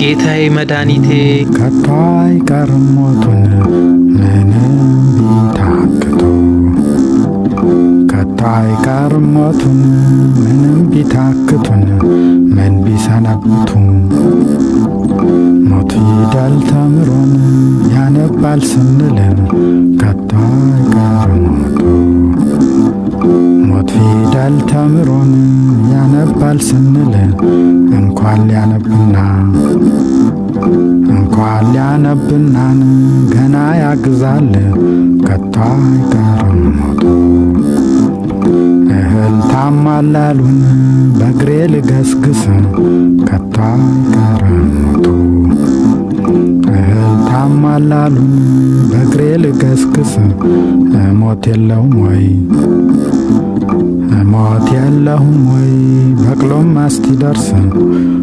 ጌታዬ መድኃኒቴ ከቶ አይቀርም ሞቱን ምንም ቢታክቶ ከቶ አይቀርም ሞቱን ምንም ቢታክቱን ምን ቢሰነብቱን ሞት ይዳል ተምሮን ያነባል ስንልን ከቶ አይቀርም ሞቱ ሞት ፊደል ተምሮን ይገባል ስንል እንኳን ሊያነብና እንኳን ሊያነብናን ገና ያግዛል ከቷ አይቀርም ሞቶ እህል ታማላሉን በእግሬ ልገስግስ ከቷ አይቀርም ሞቶ እህል ታማላሉን በእግሬ ልገስግስ ሞት የለውም ወይ ሞት የለሁም ወይ በቅሎም አስቲ እስኪደርሰን